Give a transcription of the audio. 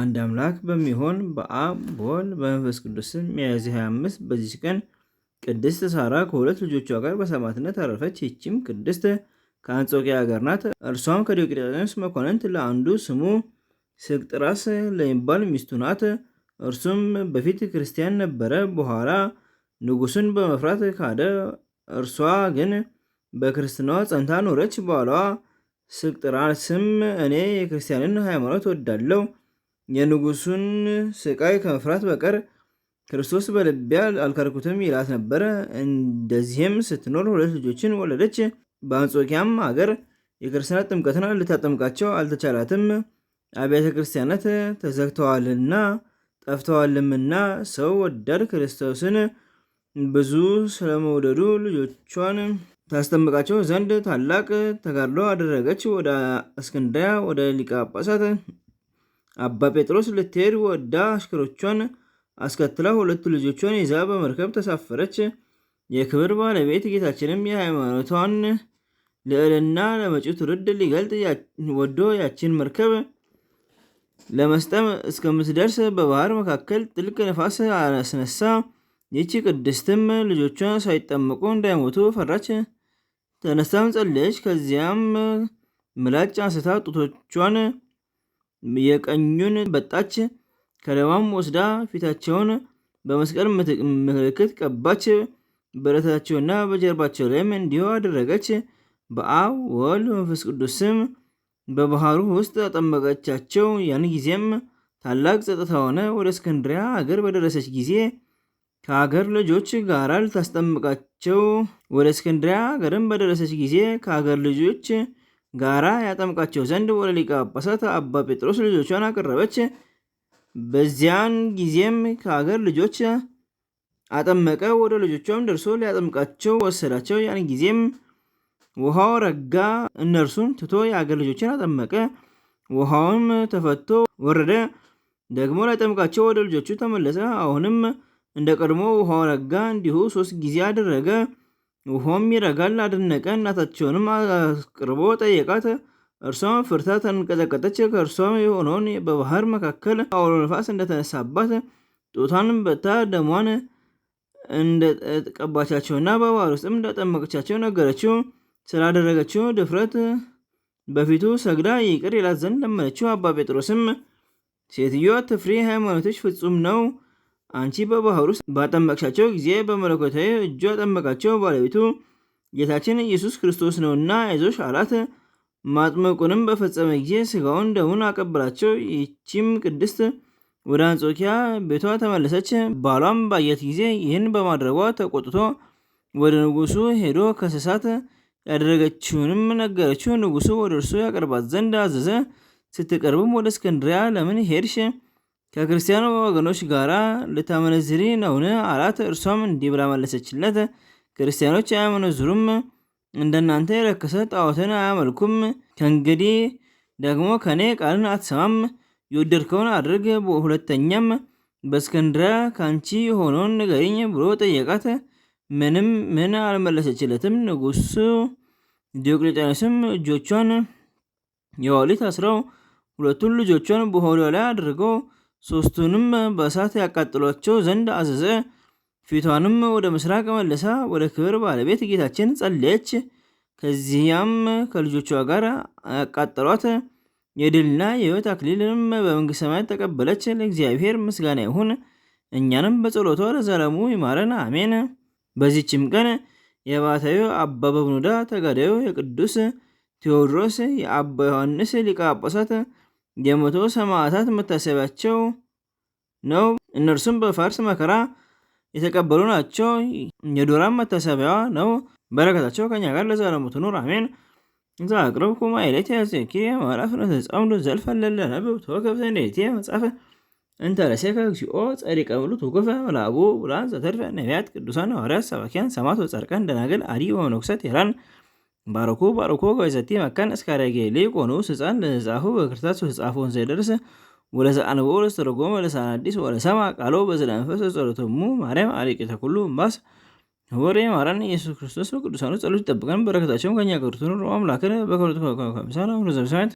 አንድ አምላክ በሚሆን በአብ በወልድ በመንፈስ ቅዱስ ስም ሚያዝያ 25 በዚች ቀን ቅድስት ሳራ ከሁለት ልጆቿ ጋር በሰማዕትነት አረፈች። ይህችም ቅድስት ከአንጾኪያ ሀገር ናት። እርሷም ከዲዮቅልጥያኖስ መኳንንት ለአንዱ ስሙ ስቅጥራስ ለሚባል ሚስቱ ናት። እርሱም በፊት ክርስቲያን ነበረ፣ በኋላ ንጉሱን በመፍራት ካደ። እርሷ ግን በክርስትናዋ ጸንታ ኖረች። ባሏ ስቅጥራስም እኔ የክርስቲያንን ሃይማኖት ወዳለው የንጉሱን ስቃይ ከመፍራት በቀር ክርስቶስ በልቢያ አልካድኩትም ይላት ነበረ። እንደዚህም ስትኖር ሁለት ልጆችን ወለደች። በአንጾኪያም ሀገር የክርስቲያናት ጥምቀትን ልታጠምቃቸው አልተቻላትም፣ አብያተ ክርስቲያናት ተዘግተዋልና ጠፍተዋልምና። ሰው ወዳድ ክርስቶስን ብዙ ስለመውደዱ ልጆቿን ታስጠምቃቸው ዘንድ ታላቅ ተጋድሎ አደረገች። ወደ እስክንድርያ ወደ ሊቀ ጳጳሳት አባ ጴጥሮስ ልትሄድ ወዳ አሽከሮቿን አስከትላ ሁለቱ ልጆቿን ይዛ በመርከብ ተሳፈረች። የክብር ባለቤት ጌታችንም የሃይማኖቷን ልዕልና ለመጪው ትውልድ ሊገልጥ ወዶ ያችን መርከብ ለመስጠም እስከምትደርስ በባህር መካከል ጥልቅ ነፋስ አስነሳ። ይቺ ቅድስትም ልጆቿ ሳይጠመቁ እንዳይሞቱ ፈራች። ተነሳም ጸለየች። ከዚያም ምላጭ አንስታ ጡቶቿን የቀኙን በጣች ከለማም ወስዳ ፊታቸውን በመስቀል ምልክት ቀባች። በደረታቸውና በጀርባቸው ላይም እንዲሁ አደረገች። በአብ ወልድ መንፈስ ቅዱስም በባህሩ ውስጥ አጠመቀቻቸው። ያን ጊዜም ታላቅ ጸጥታ ሆነ። ወደ እስክንድሪያ ሀገር በደረሰች ጊዜ ከሀገር ልጆች ጋራ ልታስጠምቃቸው ወደ እስክንድሪያ አገርም በደረሰች ጊዜ ከአገር ልጆች ጋራ ያጠምቃቸው ዘንድ ወደ ሊቀ ጳጳሳት አባ ጴጥሮስ ልጆቿን አቀረበች። በዚያን ጊዜም ከሀገር ልጆች አጠመቀ። ወደ ልጆቿም ደርሶ ሊያጠምቃቸው ወሰዳቸው። ያን ጊዜም ውሃው ረጋ፣ እነርሱን ትቶ የአገር ልጆችን አጠመቀ። ውሃውም ተፈቶ ወረደ። ደግሞ ሊያጠምቃቸው ወደ ልጆቹ ተመለሰ። አሁንም እንደ ቀድሞ ውሃው ረጋ። እንዲሁ ሶስት ጊዜ አደረገ። ውሆም ይረጋል አደነቀ እናታቸውንም አቅርቦ ጠየቃት እርሷም ፍርታ ተንቀጠቀጠች ከእርሷም የሆነውን በባህር መካከል አውሎ ነፋስ እንደተነሳባት ጡቷን በታ ደሟን እንደቀባቻቸውና በባህር ውስጥም እንዳጠመቀቻቸው ነገረችው ስላደረገችው ድፍረት በፊቱ ሰግዳ ይቅር ይላት ዘንድ ለመነችው አባ ጴጥሮስም ሴትዮ አትፍሪ ሃይማኖቶች ፍጹም ነው አንቺ በባህር ውስጥ ባጠመቅሻቸው ጊዜ በመለኮታዊ እጁ ያጠመቃቸው ባለቤቱ ጌታችን ኢየሱስ ክርስቶስ ነውና አይዞሽ አላት። ማጥመቁንም በፈጸመ ጊዜ ስጋውን ደሙን አቀበላቸው። ይቺም ቅድስት ወደ አንጾኪያ ቤቷ ተመለሰች። ባሏም ባየት ጊዜ ይህን በማድረጓ ተቆጥቶ ወደ ንጉሱ ሄዶ ከሰሳት። ያደረገችውንም ነገረችው። ንጉሱ ወደ እርሱ ያቀርባት ዘንድ አዘዘ። ስትቀርብም ወደ እስክንድሪያ ለምን ሄድሽ? ከክርስቲያኑ ወገኖች ጋር ልታመነዝሪ ነውን? አላት። እርሷም እንዲህ ብላ መለሰችለት፣ ክርስቲያኖች አያመነዝሩም፣ እንደናንተ የረከሰ ጣዖትን አያመልኩም። ከእንግዲህ ደግሞ ከኔ ቃልን አትሰማም፣ የወደድከውን አድርግ፣ ሁለተኛም በእስክንድርያ ካንቺ የሆነውን ንገሪኝ ብሎ ጠየቃት። ምንም ምን አልመለሰችለትም። ንጉሱ ዲዮቅልጥያኖስም እጆቿን የዋሊት አስረው ሁለቱን ልጆቿን በሆዷ ላይ አድርገው ሦስቱንም በእሳት ያቃጥሏቸው ዘንድ አዘዘ። ፊቷንም ወደ ምስራቅ መልሳ ወደ ክብር ባለቤት ጌታችን ጸለየች። ከዚያም ከልጆቿ ጋር ያቃጠሏት። የድልና የሕይወት አክሊልንም በመንግሥተ ሰማያት ተቀበለች። ለእግዚአብሔር ምስጋና ይሁን፣ እኛንም በጸሎቷ ለዘለሙ ይማረን አሜን። በዚችም ቀን የባሕታዊ አባ በብኑዳ ተጋዳዩ፣ የቅዱስ ቴዎድሮስ፣ የአባ ዮሐንስ ሊቀ ጳጳሳት የመቶ ሰማዕታት መታሰቢያቸው ነው። እነርሱም በፋርስ መከራ የተቀበሉ ናቸው። የዶራን መታሰቢያዋ ነው። በረከታቸው ከኛ ጋር ለዘላለሙ ትኑር አሜን። እዛ አቅርብኩማ ኩማ ኢለይከ ዚክሪ ወዕላፍ ነተጸምዱ ተጻምዶ ዘልፈለለ ተወከፍተ እንዴቴ መጽሐፈ መጻፈ ረሴከ ከግዚኦ ጸሪቀ ሙሉ ትጉፈ መላቡ ብላን ዘተርፈ ነቢያት ቅዱሳን ሐዋርያት ሰባኪያን ሰማዕት ወጻድቃን ደናግል አዲ ወመነኮሳት የራን ባሮኩ ባሮኮ ገይሰቲ መካን እስካረጌ ሊቆኑ ስፃን ለህፃፉ በክርታስ ህፃፎን ዘደርስ ወለዘአንቦ ለስተረጎመ ለሳን አዲስ ወለሰማ ቃሎ በዝለ መንፈስ ጸሎቶሙ ማርያም አሪቄተ ተኩሉ እምባስ ወሬ ማራን ኢየሱስ ክርስቶስ በቅዱሳኑ ጸሎት ይጠብቀን። በረከታቸውም ከኛ ገሩትን አምላክን በከብረት ከምሳና ሁኑ ዘብሰማት